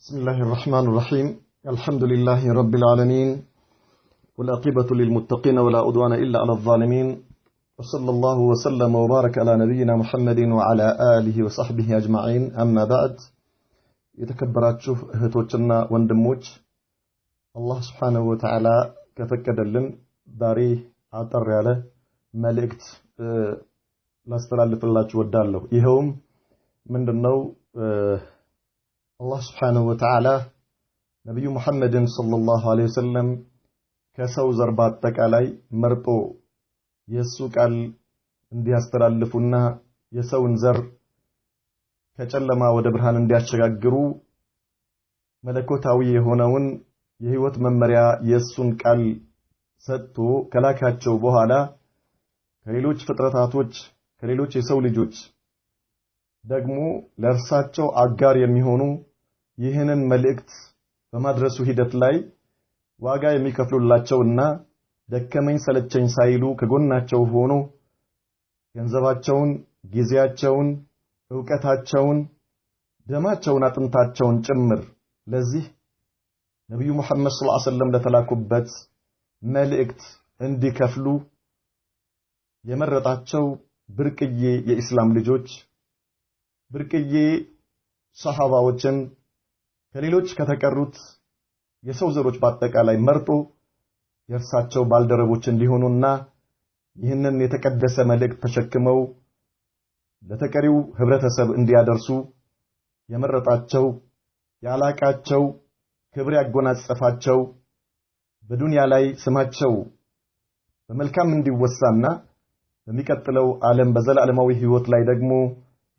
بسم الله الرحمن الرحيم الحمد لله رب العالمين والأقبة للمتقين ولا أدوان إلا على الظالمين وصلى الله وسلم وبارك على نبينا محمد وعلى آله وصحبه أجمعين أما بعد يتكبرات شوف الله የተከበራችሁ እህቶችና ወንድሞች አላህ ስብሓንሁ ወተዓላ ከፈቀደልን ዛሬ አጠር ያለ መልእክት يهوم من دنو أه አላህ ስብሓንሁ ወተዓላ ነቢዩ ሙሐመድን ሰለላሁ ዐለይሂ ወሰለም ከሰው ዘር በአጠቃላይ መርጦ የእሱ ቃል እንዲያስተላልፉና የሰውን ዘር ከጨለማ ወደ ብርሃን እንዲያሸጋግሩ መለኮታዊ የሆነውን የህይወት መመሪያ የእሱን ቃል ሰጥቶ ከላካቸው በኋላ ከሌሎች ፍጥረታቶች ከሌሎች የሰው ልጆች ደግሞ ለእርሳቸው አጋር የሚሆኑ ይህንን መልእክት በማድረሱ ሂደት ላይ ዋጋ የሚከፍሉላቸውና ደከመኝ ሰለቸኝ ሳይሉ ከጎናቸው ሆኖ ገንዘባቸውን፣ ጊዜያቸውን፣ ዕውቀታቸውን፣ ደማቸውን፣ አጥንታቸውን ጭምር ለዚህ ነቢዩ መሐመድ ሰለላሁ ዐለይሂ ወሰለም ለተላኩበት መልእክት እንዲከፍሉ የመረጣቸው ብርቅዬ የኢስላም ልጆች ብርቅዬ ሰሃባዎችን ከሌሎች ከተቀሩት የሰው ዘሮች በአጠቃላይ መርጦ የእርሳቸው ባልደረቦች እንዲሆኑና ይህንን የተቀደሰ መልእክት ተሸክመው ለተቀሪው ህብረተሰብ እንዲያደርሱ የመረጣቸው ያላቃቸው ክብር ያጎናጸፋቸው በዱንያ ላይ ስማቸው በመልካም እንዲወሳና በሚቀጥለው ዓለም በዘላለማዊ ህይወት ላይ ደግሞ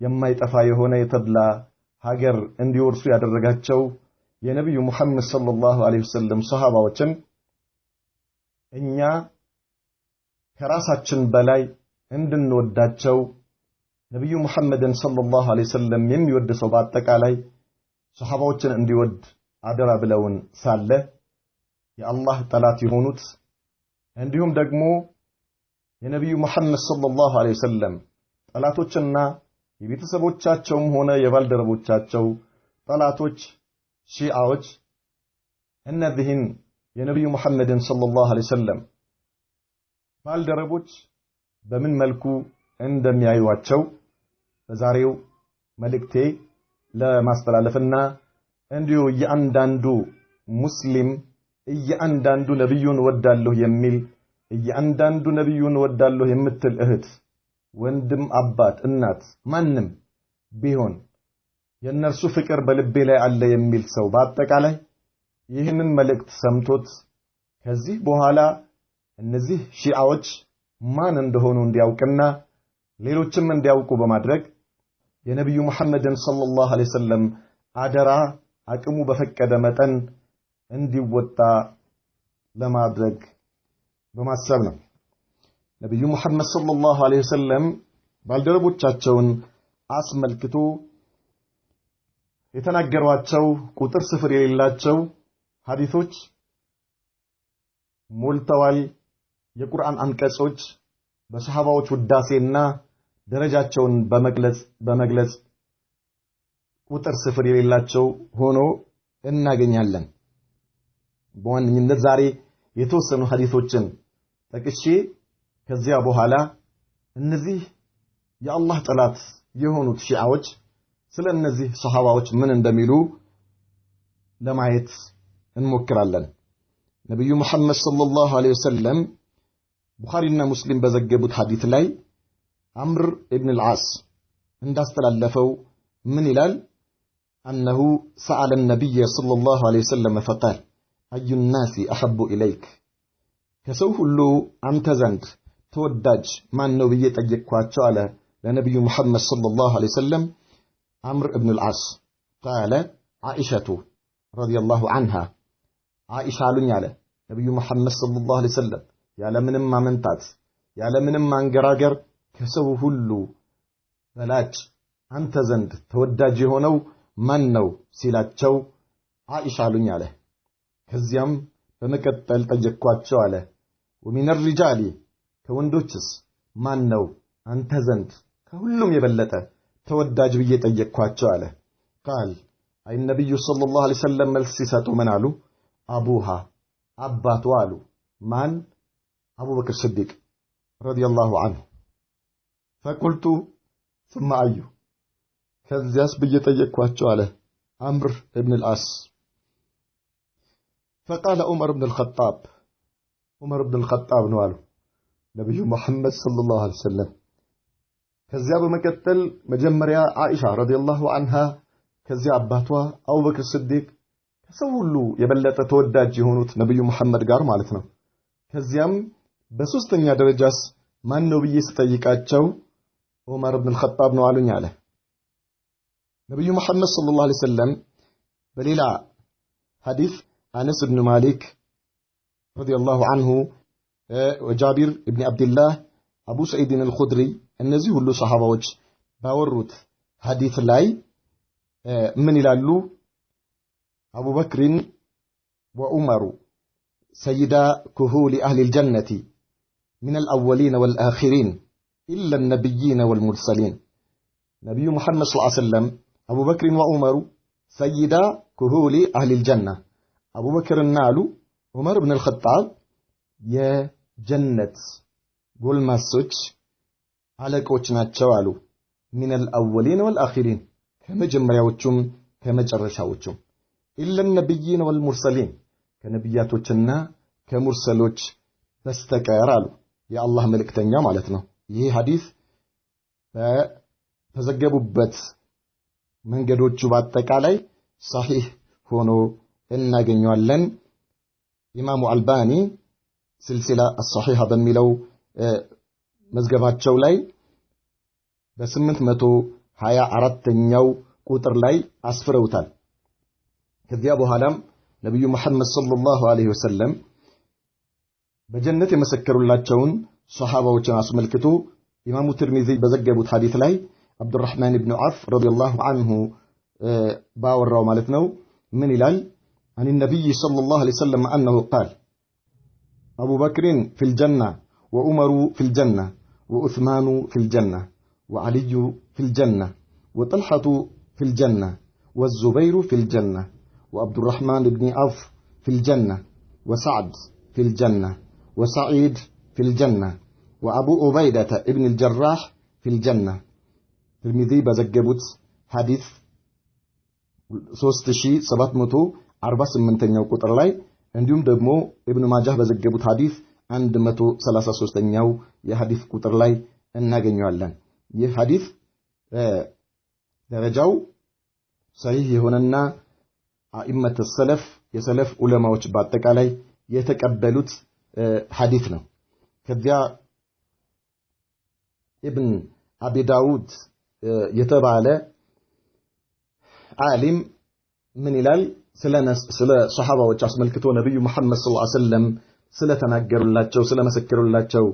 የማይጠፋ የሆነ የተድላ ሀገር እንዲወርሱ ያደረጋቸው የነቢዩ ሙሐመድ ሰለላሁ ዐለይሂ ወሰለም ሰሃባዎችን እኛ ከራሳችን በላይ እንድንወዳቸው ነቢዩ ሙሐመድን ሰለላሁ ዐለይሂ ወሰለም የሚወድ ሰው በአጠቃላይ ሰሃባዎችን እንዲወድ አደራ ብለውን ሳለ የአላህ ጠላት የሆኑት እንዲሁም ደግሞ የነቢዩ ሙሐመድ ሰለላሁ ዐለይሂ ወሰለም ጠላቶችና የቤተሰቦቻቸውም ሆነ የባልደረቦቻቸው ጠላቶች ሺዓዎች እነዚህን የነቢዩ መሐመድን ሰለላሁ ዐለይሂ ወሰለም ባልደረቦች በምን መልኩ እንደሚያዩቸው በዛሬው መልእክቴ ለማስተላለፍና እንዲሁ እያንዳንዱ ሙስሊም እያንዳንዱ ነቢዩን ወዳለሁ የሚል እያንዳንዱ ነቢዩን ወዳለሁ የምትል እህት ወንድም፣ አባት፣ እናት ማንም ቢሆን የእነርሱ ፍቅር በልቤ ላይ አለ የሚል ሰው በአጠቃላይ ይህንን መልእክት ሰምቶት ከዚህ በኋላ እነዚህ ሺዓዎች ማን እንደሆኑ እንዲያውቅና ሌሎችም እንዲያውቁ በማድረግ የነቢዩ መሐመድን ሰለላሁ ዐለይሂ ወሰለም አደራ አቅሙ በፈቀደ መጠን እንዲወጣ ለማድረግ በማሰብ ነው። ነቢዩ ሙሐመድ ሰለላሁ ዐለይሂ ወሰለም ባልደረቦቻቸውን አስመልክቶ የተናገሯቸው ቁጥር ስፍር የሌላቸው ሐዲሶች ሞልተዋል። የቁርአን አንቀጾች በሰሃባዎች ውዳሴና ደረጃቸውን በመግለጽ በመግለጽ ቁጥር ስፍር የሌላቸው ሆኖ እናገኛለን። በዋነኝነት ዛሬ የተወሰኑ ሐዲሶችን ጠቅሼ ከዚያ በኋላ እነዚህ የአላህ ጠላት የሆኑት ሺዓዎች ስለ እነዚህ ሰሃባዎች ምን እንደሚሉ ለማየት እንሞክራለን። ነቢዩ ሙሐመድ ሰለላሁ ዐለይሂ ወሰለም ቡኻሪና ሙስሊም በዘገቡት ሐዲት ላይ አምር ኢብን አልዓስ እንዳስተላለፈው ምን ይላል? አነሁ ሰአለ ነቢየ ሰለላሁ ዐለይሂ ወሰለም ፈቃል አዩ ናሲ አሐቡ ኢለይክ ከሰው ሁሉ አንተ ዘንድ ተወዳጅ ማን ነው ብዬ ጠየቅኳቸው አለ ለነቢዩ ሙሐመድ ሰለላሁ ዐለይሂ ወሰለም አምር እብን አልዓስ ቃለ ዓኢሸቱ ረዲየላሁ ዐንሃ ዓኢሻ አሉኝ አለ ነቢዩ ሙሐመድ ሰለላሁ ዐለይሂ ወሰለም ያለምንም ማመንታት ያለምንም ማንገራገር ከሰው ሁሉ በላጭ አንተ ዘንድ ተወዳጅ የሆነው ማን ነው ሲላቸው ዓኢሻ አሉኝ አለ ከዚያም በመቀጠል ጠየቅኳቸው አለ ወሚን ሪጃሊ كوندوتشس مانو نو انت زند كولوم يبلتا تود داجب قال اي النبي صلى الله عليه وسلم ملسيساتو منالو ابوها اباتوالو مان ابو بكر الصديق رضي الله عنه فقلت ثم ايو كنزياس بيتا يكواتشوالا امر ابن الاس فقال عمر بن الخطاب عمر بن الخطاب نوالو ነቢዩ መሐመድ ሰለላሁ ዐለይሂ ወሰለም። ከዚያ በመቀጠል መጀመሪያ አኢሻ ረዲየላሁ አንሃ፣ ከዚያ አባቷ አቡበክር ስዲቅ፣ ከሰው ሁሉ የበለጠ ተወዳጅ የሆኑት ነቢዩ መሐመድ ጋር ማለት ነው። ከዚያም በሶስተኛ ደረጃስ ማን ነው ብዬ ስጠይቃቸው ዑመር ብን አልኸጣብ ነው አሉኝ አለ። ነቢዩ መሐመድ ሰለላሁ ዐለይሂ ወሰለም በሌላ ሐዲስ አነስ ብን ማሊክ ረዲየላሁ አንሁ وجابر ابن عبد الله أبو سعيد الخدري النزيه اللو صحابة وجه باوروت حديث لاي من إلى اللو أبو بكر وعمر سيدا كهول أهل الجنة من الأولين والآخرين إلا النبيين والمرسلين نبي محمد صلى الله عليه وسلم أبو بكر وعمر سيدا كهول أهل الجنة أبو بكر النالو عمر بن الخطاب يا ጀነት ጎልማሶች አለቆች ናቸው አሉ። ሚነል አወሊን ወልአኺሪን ከመጀመሪያዎቹም ከመጨረሻዎቹም ኢለ ነቢይን ወልሙርሰሊን ከነቢያቶችና ከሙርሰሎች በስተቀር አሉ። የአላህ መልእክተኛ ማለት ነው። ይህ ሐዲስ በተዘገቡበት መንገዶቹ በአጠቃላይ ሳሒህ ሆኖ እናገኘዋለን። ኢማሙ አልባኒ سلسلة الصحيحة بميلو مزجبات شولاي بسمنت متو هيا عرضت نيو كوتر لاي أسفر وتال كذيابو هالام نبي محمد صلى الله عليه وسلم بجنة مسكر الله تشون صحابة وشن عصم الكتو إمام ترمذي بزجبو تحديث لاي عبد الرحمن بن عف رضي الله عنه باور رو مالتنو من الال عن النبي صلى الله عليه وسلم أنه قال أبو بكر في الجنة وأمر في الجنة وأثمان في الجنة وعلي في الجنة وطلحة في الجنة والزبير في الجنة وعبد الرحمن بن عوف في الجنة وسعد في الجنة وسعيد في الجنة وأبو عبيدة ابن الجراح في الجنة ترمذي بزجبوت حديث 3748ኛው ቁጥር ላይ እንዲሁም ደግሞ ኢብኑ ማጃህ በዘገቡት ሐዲስ 133ኛው የሐዲስ ቁጥር ላይ እናገኘዋለን። ይህ ሐዲስ ደረጃው ሰሂህ የሆነና አኢመተ ሰለፍ የሰለፍ ዑለማዎች በአጠቃላይ የተቀበሉት ሐዲስ ነው። ከዚያ ኢብን አቢ ዳውድ የተባለ ዓሊም ምን ይላል? سلا ناس سلا صحابة وجاس ملكة ونبي محمد صلى الله عليه وسلم سلا تناجر الله جو سلا مسكر الله جو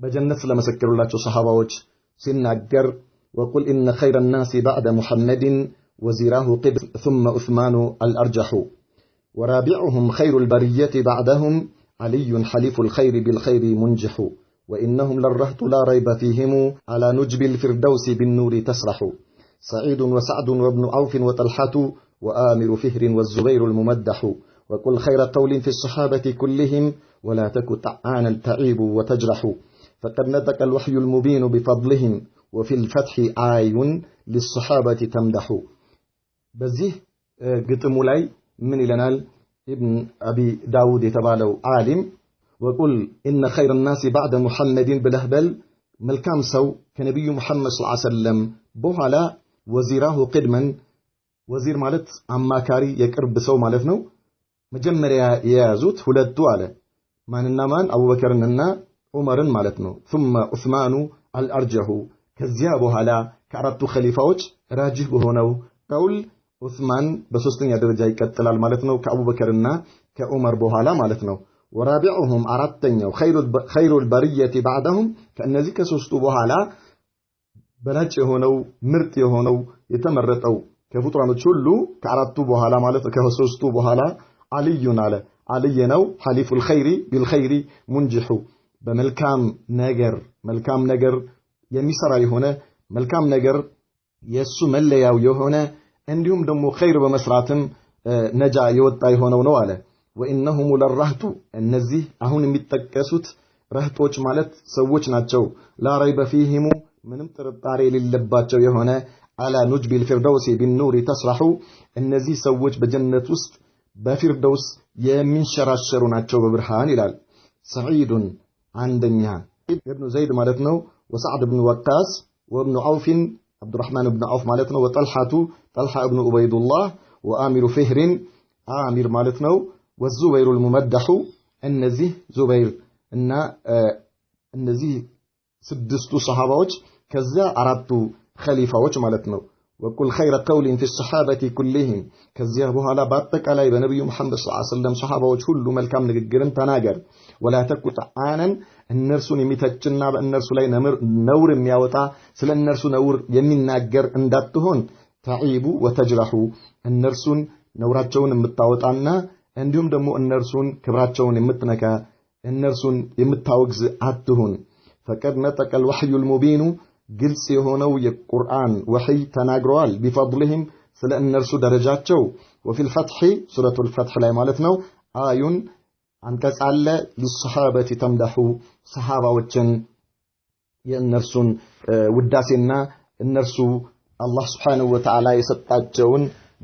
بجنة سلا مسكر الله جو صحابة وج سنناجر وقل إن خير الناس بعد محمد وزيره قبل ثم أثمان الأرجح ورابعهم خير البرية بعدهم علي حليف الخير بالخير منجح وإنهم للرهط لا ريب فيهم على نجب الفردوس بالنور تسرح سعيد وسعد وابن عوف وطلحة وآمر فهر والزبير الممدح وكل خير قول في الصحابة كلهم ولا تك تعان تعيب وتجرح فقد نتك الوحي المبين بفضلهم وفي الفتح آي للصحابة تمدح بزيه قلت مولاي من لنال ابن أبي داود تبالو عالم وقل إن خير الناس بعد محمد بلهبل ملكام سو كنبي محمد صلى الله عليه وسلم بوه وزيراه قدما ወዚር ማለት አማካሪ፣ የቅርብ ሰው ማለት ነው። መጀመሪያ የያዙት ሁለቱ አለ ማንና ማን? አቡበከርንና ዑመርን ማለት ነው። ثم ዑስማኑ አልአርጀሁ ከዚያ በኋላ ከአራቱ ኸሊፋዎች ራጅህ በሆነው ቀውል ዑስማን በሶስተኛ ደረጃ ይቀጥላል ማለት ነው። ከአቡበከርና ከዑመር በኋላ ማለት ነው። ወራቢዑሁም አራተኛው ኸይሩል በርየቲ ባዕደሁም ከእነዚህ ከሶስቱ በኋላ በላጭ የሆነው ምርጥ የሆነው የተመረጠው ከፍጡራኖች ሁሉ ከአራቱ በኋላ ማለት ከሶስቱ በኋላ አልዩን አለ አልይ ነው ሐሊፉል ኸይሪ ቢልኸይሪ ሙንጅሑ በመልካም ነገር መልካም ነገር የሚሰራ የሆነ መልካም ነገር የእሱ መለያው የሆነ እንዲሁም ደግሞ ኸይር በመስራትም ነጃ የወጣ የሆነው ነው አለ። ወኢነሁሙ ለራህቱ እነዚህ አሁን የሚጠቀሱት ረህቶች ማለት ሰዎች ናቸው። ላረይበ ፊሂሙ ምንም ጥርጣሬ የሌለባቸው የሆነ على نجب الفردوس بالنور تسرح النزي سوج بجنة وسط بفردوس يا من شراشر ناتشو ببرهان إلال سعيد عن دنيا ابن زيد مالتنا وسعد بن وقاص وابن عوف عبد الرحمن بن عوف مالتنا وطلحة طلحة ابن عبيد الله وآمر فهر آمر مالتنا والزبير الممدح النزي زبير أن آه، النزي سدستو صحابوش كذا أردتو ኸሊፋዎች ማለት ነው። ወቁል ኸይረ ቀውሊን ፊ ሰሓበቲ ኩልህም ከዚያ በኋላ በአጠቃላይ በነቢዩ ሙሐመድ ሰለላሁ ዐለይሂ ወሰለም ሰሓባዎች ሁሉ መልካም ንግግርን ተናገር። ወላ ተኩ ጠዓነን እነርሱን የሚተችና በእነርሱ ላይ ነውር የሚያወጣ ስለ እነርሱ ነውር የሚናገር እንዳትሆን። ተዒቡ ወተጅረሑ እነርሱን ነውራቸውን የምታወጣና እንዲሁም ደግሞ እነርሱን ክብራቸውን የምትነካ እነርሱን የምታወግዝ አትሁን። ፈቀድ ነጠቀል ወሕዩል ሙቢኑ ግልጽ የሆነው የቁርአን ወሕይ ተናግረዋል። ቢፈድልህም ስለ እነርሱ ደረጃቸው ወፊል ፈትሒ ሱረቱል ፈትሕ ላይ ማለት ነው። አዩን አንቀጽ አለ። ሊሰሓበት ተምዳሑ ሰሓባዎችን የእነርሱን ውዳሴና እነርሱ አላህ ስብሓነሁ ወተዓላ የሰጣቸውን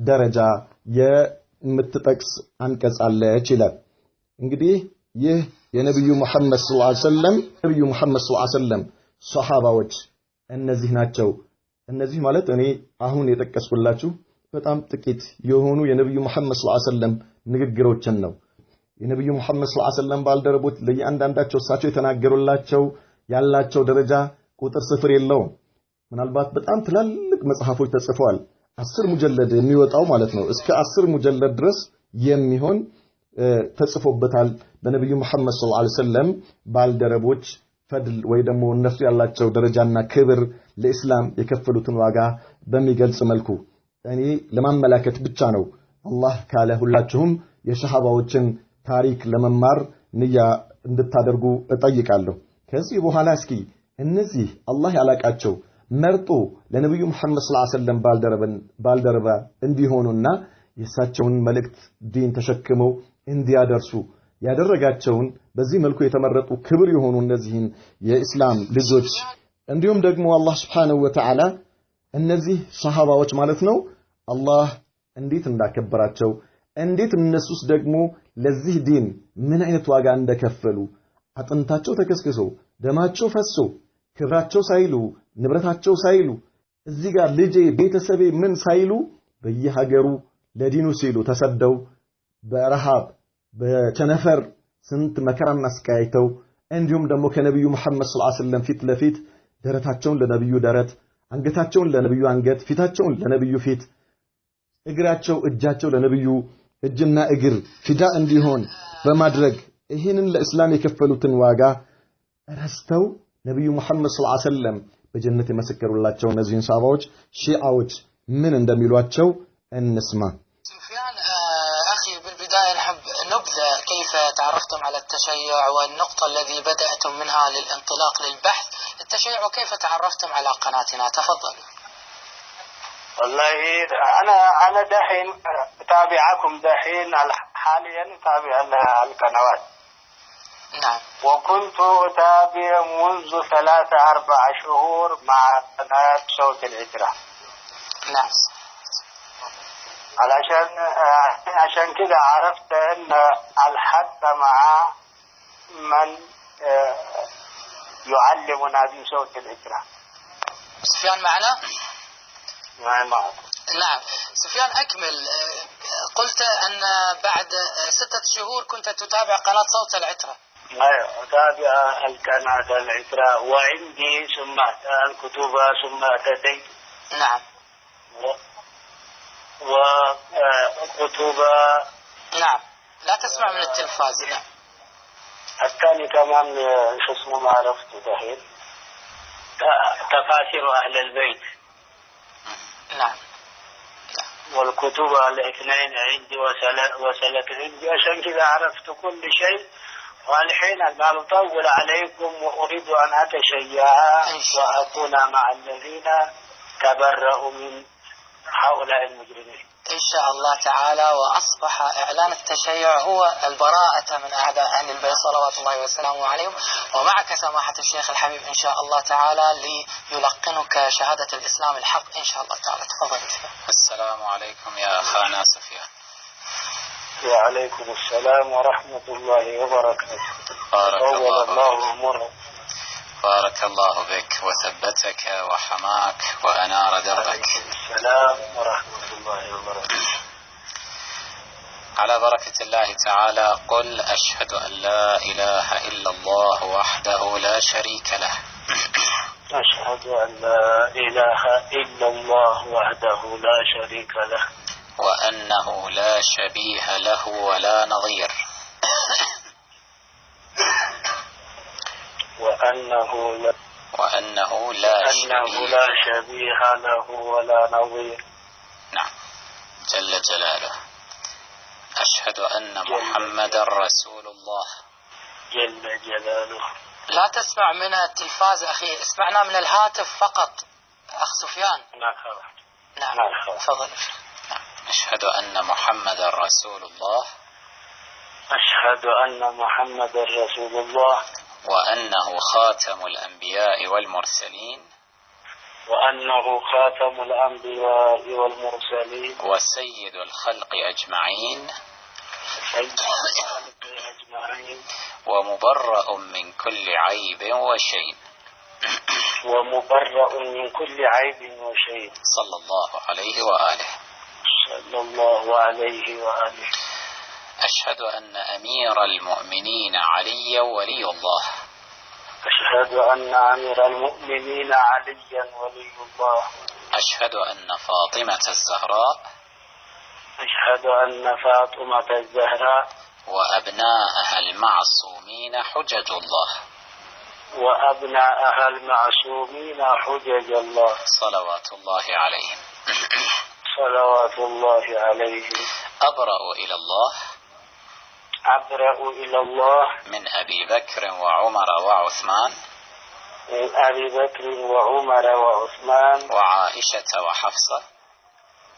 ደረጃ የምትጠቅስ አንቀጽ አለች ይላል። እንግዲህ ይህ የነቢዩ ሙሐመድ ሰለላሁ ዐለይሂ ወሰለም ነቢዩ ሙሐመድ ሰለላሁ ዐለይሂ ወሰለም ሰሓባዎች እነዚህ ናቸው። እነዚህ ማለት እኔ አሁን የጠቀስኩላችሁ በጣም ጥቂት የሆኑ የነብዩ መሐመድ ሰለላሁ ዐለይሂ ወሰለም ንግግሮችን ነው። የነብዩ መሐመድ ሰለላሁ ዐለይሂ ወሰለም ባልደረቦች ለእያንዳንዳቸው እሳቸው የተናገሩላቸው ያላቸው ደረጃ ቁጥር ስፍር የለውም። ምናልባት በጣም ትላልቅ መጽሐፎች ተጽፈዋል። አስር ሙጀለድ የሚወጣው ማለት ነው። እስከ አስር ሙጀለድ ድረስ የሚሆን ተጽፎበታል በነብዩ መሐመድ ሰለላሁ ዐለይሂ ወሰለም ባልደረቦች ፈድል ወይ ደግሞ እነሱ ያላቸው ደረጃና ክብር ለእስላም የከፈሉትን ዋጋ በሚገልጽ መልኩ እኔ ለማመላከት ብቻ ነው አላህ ካለ ሁላችሁም የሸሃባዎችን ታሪክ ለመማር ንያ እንድታደርጉ እጠይቃለሁ። ከዚህ በኋላ እስኪ እነዚህ አላህ ያላቃቸው መርጦ ለነቢዩ ሙሐመድ ሰለላሁ ዐለይሂ ወሰለም ባልደረባ እንዲሆኑና የእሳቸውን መልእክት ዲን ተሸክመው እንዲያደርሱ ያደረጋቸውን በዚህ መልኩ የተመረጡ ክብር የሆኑ እነዚህን የእስላም ልጆች እንዲሁም ደግሞ አላህ ስብሓነሁ ወተዓላ እነዚህ ሰሃባዎች ማለት ነው አላህ እንዴት እንዳከበራቸው እንዴት እነሱስ ደግሞ ለዚህ ዲን ምን አይነት ዋጋ እንደከፈሉ አጥንታቸው ተከስክሶ ደማቸው ፈሶ ክብራቸው ሳይሉ ንብረታቸው ሳይሉ እዚህ ጋር ልጄ ቤተሰቤ ምን ሳይሉ በየሀገሩ ለዲኑ ሲሉ ተሰደው በረሃብ በቸነፈር ስንት መከራን አስቀያይተው እንዲሁም ደግሞ ከነቢዩ መሐመድ ሰለላሁ ዐለይሂ ወሰለም ፊት ለፊት ደረታቸውን ለነቢዩ ደረት፣ አንገታቸውን ለነቢዩ አንገት፣ ፊታቸውን ለነቢዩ ፊት፣ እግራቸው እጃቸው ለነቢዩ እጅና እግር ፊዳ እንዲሆን በማድረግ ይህንን ለእስላም የከፈሉትን ዋጋ ረስተው ነቢዩ መሐመድ ሰለላሁ ዐለይሂ ወሰለም በጀነት የመሰከሩላቸው እነዚህን ሰሃባዎች ሺዓዎች ምን እንደሚሏቸው እንስማ። كيف تعرفتم على التشيع والنقطة الذي بدأتم منها للانطلاق للبحث التشيع وكيف تعرفتم على قناتنا تفضل والله أنا أنا دحين أتابعكم دحين حاليا أتابع القنوات نعم وكنت أتابع منذ ثلاثة أربع شهور مع قناة صوت الهجرة نعم علشان آه، عشان كده عرفت ان الحد مع من آه، يعلمنا بصوت الإكرام سفيان معنا؟ نعم نعم سفيان أكمل آه، قلت أن بعد ستة شهور كنت تتابع قناة صوت العترة أيوة أتابع القناة العترة وعندي ثم الكتب ثم اتيت نعم الخطوبة نعم لا تسمع من التلفاز نعم الثاني كمان شو اسمه ما عرفت دحين تفاسير أهل البيت نعم والكتب الاثنين عندي وسلك عندي عشان كذا عرفت كل شيء والحين ما أطول عليكم وأريد أن أتشيع وأكون مع الذين تبرأوا من هؤلاء المجرمين إن شاء الله تعالى وأصبح إعلان التشيع هو البراءة من أعداء أهل البيت صلوات الله وسلامه عليهم ومعك سماحة الشيخ الحبيب إن شاء الله تعالى ليلقنك شهادة الإسلام الحق إن شاء الله تعالى تفضل السلام عليكم يا أخانا سفيان وعليكم السلام ورحمة الله وبركاته بارك الله, الله أمره بارك الله بك وثبتك وحماك وأنار دربك السلام ورحمة الله وبركاته على بركة الله تعالى قل أشهد أن لا إله إلا الله وحده لا شريك له أشهد أن لا إله إلا الله وحده لا شريك له وأنه لا شبيه له ولا نظير وأنه لا وأنه لا شبيه, لا شبيه له ولا نظير نعم جل جلاله أشهد أن محمدا رسول الله جل جلاله لا تسمع من التلفاز أخي اسمعنا من الهاتف فقط أخ سفيان نعم نعم تفضل أشهد أن محمدا رسول الله أشهد أن محمدا رسول الله وأنه خاتم الأنبياء والمرسلين وأنه خاتم الأنبياء والمرسلين وسيد الخلق أجمعين ومبرأ من كل عيب وشيء ومبرأ من كل عيب وشيء صلى الله عليه وآله صلى الله عليه وآله أشهد أن أمير المؤمنين عليا ولي الله أشهد أن أمير المؤمنين عليا ولي الله أشهد أن فاطمة الزهراء أشهد أن فاطمة الزهراء وأبناءها المعصومين حجج الله وأبناءها المعصومين حجج الله صلوات الله عليهم صلوات الله عليهم أبرأ إلى الله أبرأ إلى الله من أبي بكر وعمر وعثمان من أبي بكر وعمر وعثمان وعائشة وحفصة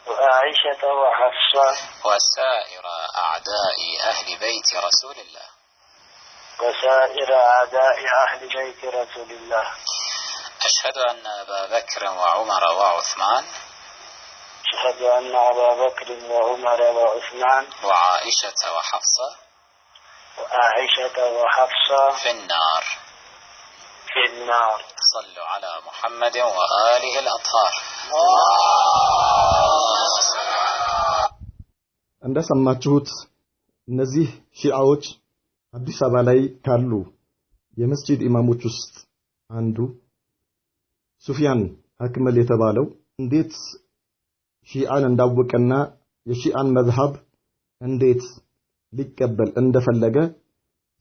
وعائشة وحفصة وسائر أعداء أهل بيت رسول الله وسائر أعداء أهل بيت رسول الله أشهد أن أبا بكر وعمر وعثمان أشهد أن أبا بكر وعمر وعثمان وعائشة وحفصة وعائشة وحفصة في النار في النار صلوا على محمد وآله الأطهار እንደሰማችሁት እነዚህ ሺዓዎች አዲስ አበባ ላይ ካሉ የመስጂድ ኢማሞች ውስጥ አንዱ ሱፊያን አክመል የተባለው እንዴት ሺዓን እንዳወቀና የሺዓን መዝሀብ እንዴት ሊቀበል እንደፈለገ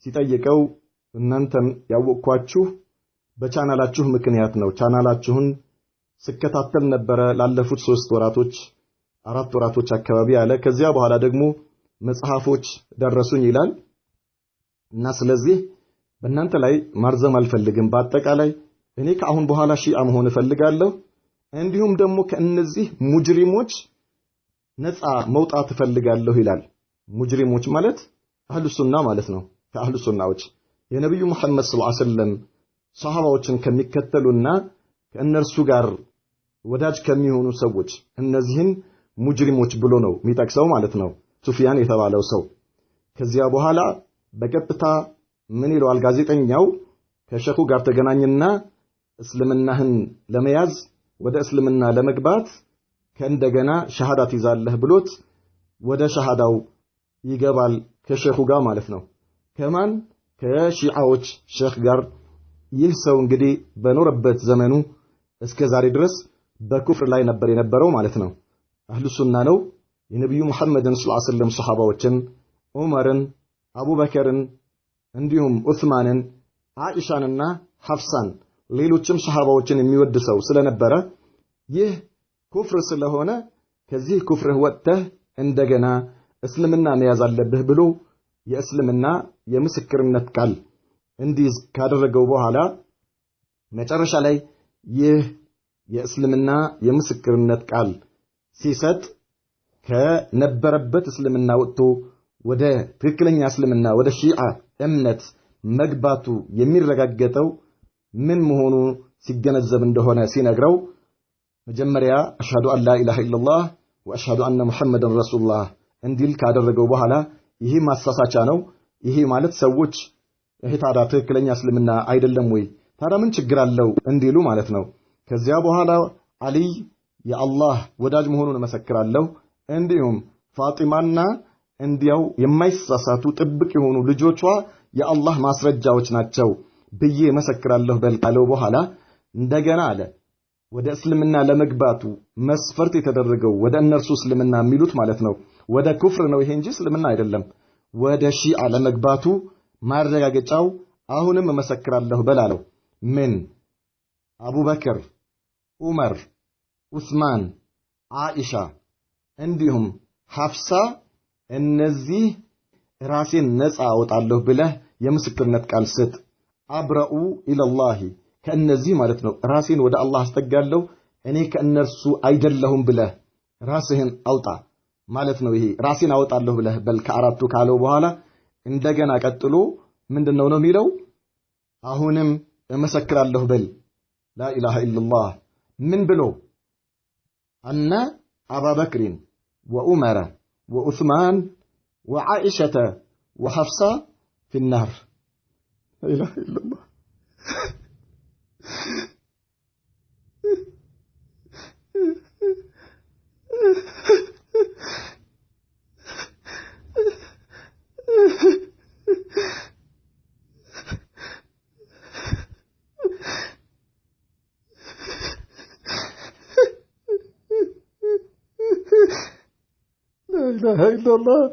ሲጠይቀው እናንተን ያወቅኳችሁ በቻናላችሁ ምክንያት ነው። ቻናላችሁን ስከታተል ነበረ ላለፉት ሶስት ወራቶች አራት ወራቶች አካባቢ አለ። ከዚያ በኋላ ደግሞ መጽሐፎች ደረሱኝ ይላል እና ስለዚህ በእናንተ ላይ ማርዘም አልፈልግም። በአጠቃላይ እኔ ከአሁን በኋላ ሺአ መሆን እፈልጋለሁ። እንዲሁም ደግሞ ከእነዚህ ሙጅሪሞች ነፃ መውጣት እፈልጋለሁ ይላል። ሙጅሪሞች ማለት አህሉ ሱና ማለት ነው። ከአህሉ ሱናዎች የነቢዩ መሐመድ ሰለላሁ ዐለይሂ ወሰለም ሰሃባዎችን ከሚከተሉና ከእነርሱ ጋር ወዳጅ ከሚሆኑ ሰዎች እነዚህን ሙጅሪሞች ብሎ ነው የሚጠቅሰው ማለት ነው። ሱፊያን የተባለው ሰው ከዚያ በኋላ በቀጥታ ምን ይለዋል ጋዜጠኛው? ከሸኹ ጋር ተገናኝና እስልምናህን ለመያዝ ወደ እስልምና ለመግባት ከእንደገና ሸሃዳ ትይዛለህ ብሎት ወደ ሸሃዳው ይገባል ከሼኹ ጋር ማለት ነው። ከማን ከሺዓዎች ሼኽ ጋር። ይህ ሰው እንግዲህ በኖረበት ዘመኑ እስከ ዛሬ ድረስ በኩፍር ላይ ነበር የነበረው ማለት ነው። አህሉ ሱና ነው። የነቢዩ ሙሐመድን ሰለላሁ ሰለም ወሰለም ዑመርን፣ አቡበከርን እንዲሁም ዑስማንን፣ አኢሻንና ሐፍሳን ሌሎችም ሰሐባዎችን የሚወድ ሰው ስለነበረ ይህ ኩፍር ስለሆነ ከዚህ ኩፍርህ ወጥተህ እንደገና እስልምና መያዝ አለብህ ብሎ የእስልምና የምስክርነት ቃል እንዲይዝ ካደረገው በኋላ መጨረሻ ላይ ይህ የእስልምና የምስክርነት ቃል ሲሰጥ ከነበረበት እስልምና ወጥቶ ወደ ትክክለኛ እስልምና ወደ ሺዓ እምነት መግባቱ የሚረጋገጠው ምን መሆኑ ሲገነዘብ እንደሆነ ሲነግረው መጀመሪያ አሽሃዱ አን ላ ኢላሃ ኢለላህ ወአሽሃዱ አነ ሙሐመድን ረሱሉላህ እንዲል ካደረገው በኋላ ይሄ ማሳሳቻ ነው፣ ይሄ ማለት ሰዎች ይሄ ታዲያ ትክክለኛ እስልምና አይደለም ወይ? ታዲያ ምን ችግር አለው እንዲሉ ማለት ነው። ከዚያ በኋላ አልይ የአላህ ወዳጅ መሆኑን እመሰክራለሁ፣ እንዲሁም ፋጢማና እንዲያው የማይሳሳቱ ጥብቅ የሆኑ ልጆቿ የአላህ ማስረጃዎች ናቸው ብዬ እመሰክራለሁ በል ካለው በኋላ እንደገና አለ ወደ እስልምና ለመግባቱ መስፈርት የተደረገው ወደ እነርሱ እስልምና የሚሉት ማለት ነው። ወደ ኩፍር ነው ይሄ እንጂ እስልምና አይደለም። ወደ ሺዓ ለመግባቱ ማረጋገጫው አሁንም እመሰክራለሁ በላለው ምን አቡበክር፣ ዑመር፣ ዑስማን፣ አኢሻ እንዲሁም ሐፍሳ እነዚህ ራሴን ነፃ አወጣለሁ ብለህ የምስክርነት ቃል ስጥ። አብረኡ ኢለላሂ كأنزي مالتنا راسين ودا الله استقال له إني كأنرسو أيدر لهم بلا راسهن أوطى مالتنا وهي راسين أوطى له بلا بل كأرادتو كالو بوهالا إندقنا كتلو من دنو نميلو أهونم مسكر الله بل لا إله إلا الله من بلو أن أبا بكر وأمر وأثمان وعائشة وحفصة في النهر لا إله إلا الله La ilahe illallah.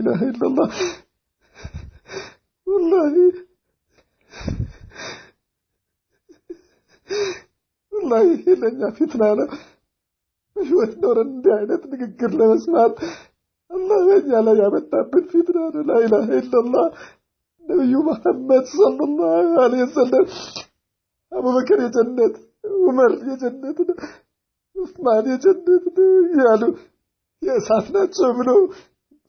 اله الا الله والله والله الا ان في ثنانا مش وقت دور الداعي تنقر لها سمعت الله ان يا لها بتثبت في ثنانا لا اله الا الله نبي محمد صلى الله عليه وسلم ابو بكر يا جنة عمر يا جنة عثمان يا جنة يا له يا ساتنا تشوف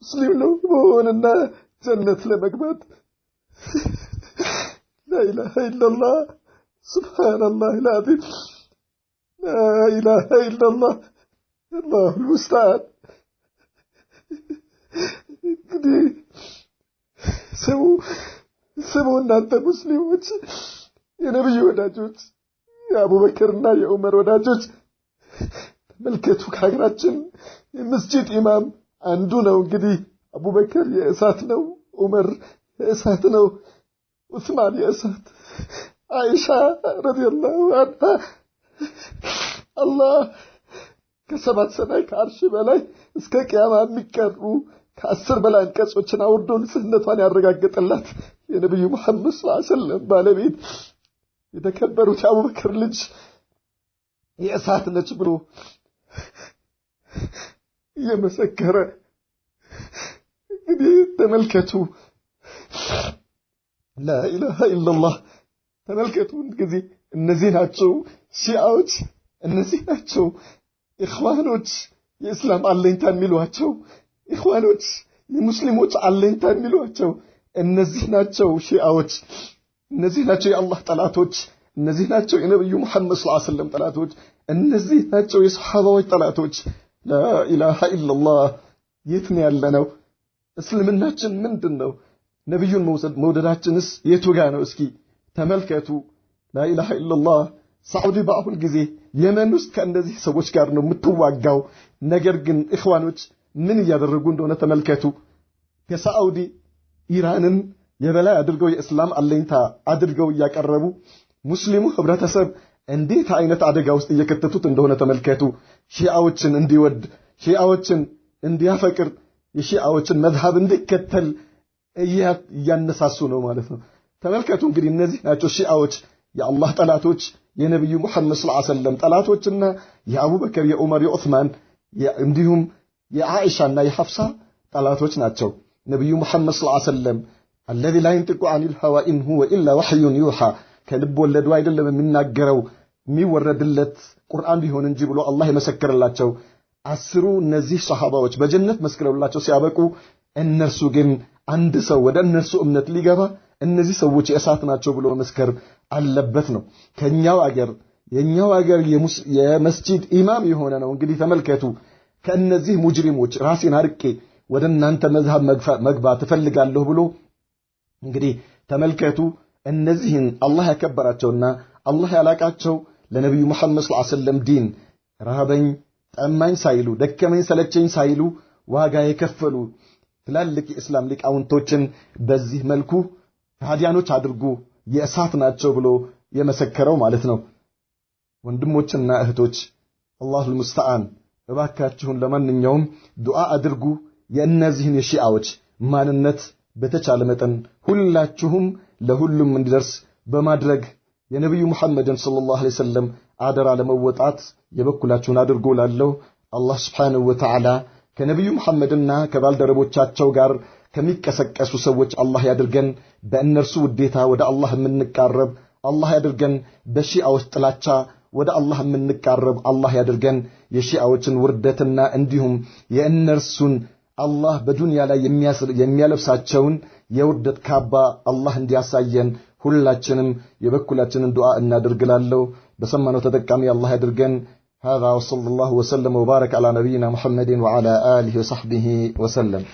ሙስሊም ነው መሆንና ጀነት ለመግባት ላኢላሃ ኢለላ ስብሓንላህ ልዓዚም ላኢላሃ ኢለላ አላሁ ልሙስተዓን እንግዲህ ስሙ ስሙ እናንተ ሙስሊሞች የነብዩ ወዳጆች የአቡበክርና የዑመር ወዳጆች ተመልከቱ ከሀገራችን የመስጂድ ኢማም አንዱ ነው እንግዲህ አቡበከር የእሳት ነው ዑመር የእሳት ነው ዑስማን የእሳት አይሻ ረዲየላሁ አንሃ አላህ ከሰባት ሰማይ ከአርሽ በላይ እስከ ቅያማ የሚቀሩ ከአስር በላይ አንቀጾችን አውርዶ ንጽህነቷን ያረጋገጠላት የነቢዩ መሐመድ ስ ሰለም ባለቤት የተከበሩት የአቡበክር ልጅ የእሳት ነች ብሎ እየመሰከረ እንግዲህ ተመልከቱ ላኢላሃ ኢላላህ ተመልከቱ እንግዲህ እነዚህ ናቸው ሺአዎች እነዚህ ናቸው ኢኽዋኖች የእስላም አለኝታ የሚሏቸው ኢኽዋኖች የሙስሊሞች አለኝታ የሚሏቸው እነዚህ ናቸው ሺአዎች እነዚህ ናቸው የአላህ ጠላቶች እነዚህ ናቸው የነብዩ መሐመድ ሰለላሁ ዐለይሂ ወሰለም ጠላቶች እነዚህ ናቸው የሰሐባዎች ጠላቶች ላኢላሃ ኢላላህ የት ነው ያለነው? እስልምናችን ምንድን ነው? ነቢዩን መውሰድ መውደዳችንስ የቱ ጋ ነው? እስኪ ተመልከቱ። ላኢላሃ ኢላላህ ሳዑዲ በአሁን ጊዜ የመን ውስጥ ከእነዚህ ሰዎች ጋር ነው የምትዋጋው። ነገር ግን እኽዋኖች ምን እያደረጉ እንደሆነ ተመልከቱ። ከሳዑዲ ኢራንን የበላይ አድርገው የእስላም አለኝታ አድርገው እያቀረቡ ሙስሊሙ ህብረተሰብ እንዴት አይነት አደጋ ውስጥ እየከተቱት እንደሆነ ተመልከቱ። ሺአዎችን እንዲወድ ሺአዎችን እንዲያፈቅር የሺአዎችን መዝሃብ እንዲከተል እያነሳሱ ነው ማለት ነው። ተመልከቱ እንግዲህ እነዚህ ናቸው ሺአዎች፣ የአላህ ጠላቶች፣ የነቢዩ ሙሐመድ ሰለላሁ ዐለይሂ ወሰለም ጠላቶችና የአቡበከር የዑመር የዑስማን እንዲሁም የዓኢሻና የሐፍሳ ጠላቶች ናቸው። ነቢዩ ሙሐመድ ሰለላሁ ዐለይሂ ወሰለም አለዚ ላይንጥቁ የንጢቁ ዐኒል ሀዋ ኢን ሁወ ኢላ ወሕዩን ዩሓ ከልብ ወለዱ አይደለም የሚናገረው የሚወረድለት ቁርአን ቢሆን እንጂ ብሎ አላህ የመሰከረላቸው አስሩ እነዚህ ሰሃባዎች በጀነት መስክረውላቸው ሲያበቁ እነርሱ ግን አንድ ሰው ወደ እነርሱ እምነት ሊገባ እነዚህ ሰዎች የእሳት ናቸው ብሎ መስከር አለበት ነው። ከኛው አገር የኛው አገር የመስጂድ ኢማም የሆነ ነው እንግዲህ ተመልከቱ። ከእነዚህ ሙጅሪሞች ራሴን አርቄ ወደ እናንተ መዝሃብ መግባት እፈልጋለሁ ብሎ እንግዲህ ተመልከቱ። እነዚህን አላህ ያከበራቸውና አላህ ያላቃቸው ለነቢዩ መሐመድ ሰለላሁ ዐለይሂ ወሰለም ዲን ረሃበኝ፣ ጠማኝ ሳይሉ ደከመኝ፣ ሰለቸኝ ሳይሉ ዋጋ የከፈሉ ትላልቅ የእስላም ሊቃውንቶችን በዚህ መልኩ ከሃዲያኖች አድርጉ የእሳት ናቸው ብሎ የመሰከረው ማለት ነው። ወንድሞችና እህቶች አላሁል ሙስተዓን እባካችሁን ለማንኛውም ዱዓ አድርጉ። የእነዚህን የሺዓዎች ማንነት በተቻለ መጠን ሁላችሁም ለሁሉም እንዲደርስ በማድረግ የነቢዩ ሙሐመድን ሰለላሁ ዐለይሂ ወሰለም አደራ ለመወጣት የበኩላችሁን አድርጎ ላለው አላህ ስብሓንሁ ወተዓላ ከነቢዩ ሙሐመድና ከባልደረቦቻቸው ጋር ከሚቀሰቀሱ ሰዎች አላህ ያድርገን። በእነርሱ ውዴታ ወደ አላህ የምንቃረብ አላህ ያድርገን። በሺአዎች ጥላቻ ወደ አላህ የምንቃረብ አላህ ያድርገን። የሺአዎችን ውርደትና እንዲሁም የእነርሱን አላህ በዱንያ ላይ የሚያለብሳቸውን የውርደት ካባ አላህ እንዲያሳየን ሁላችንም የበኩላችንን ዱዓ እናድርግላለሁ። በሰማነው ተጠቃሚ አላህ ያድርገን። ሀዛ ወሰለ ላሁ ወሰለም ወባረክ አላ ነቢይና ሙሐመድን ወዓላ አሊሂ ወሰሕቢሂ ወሰለም።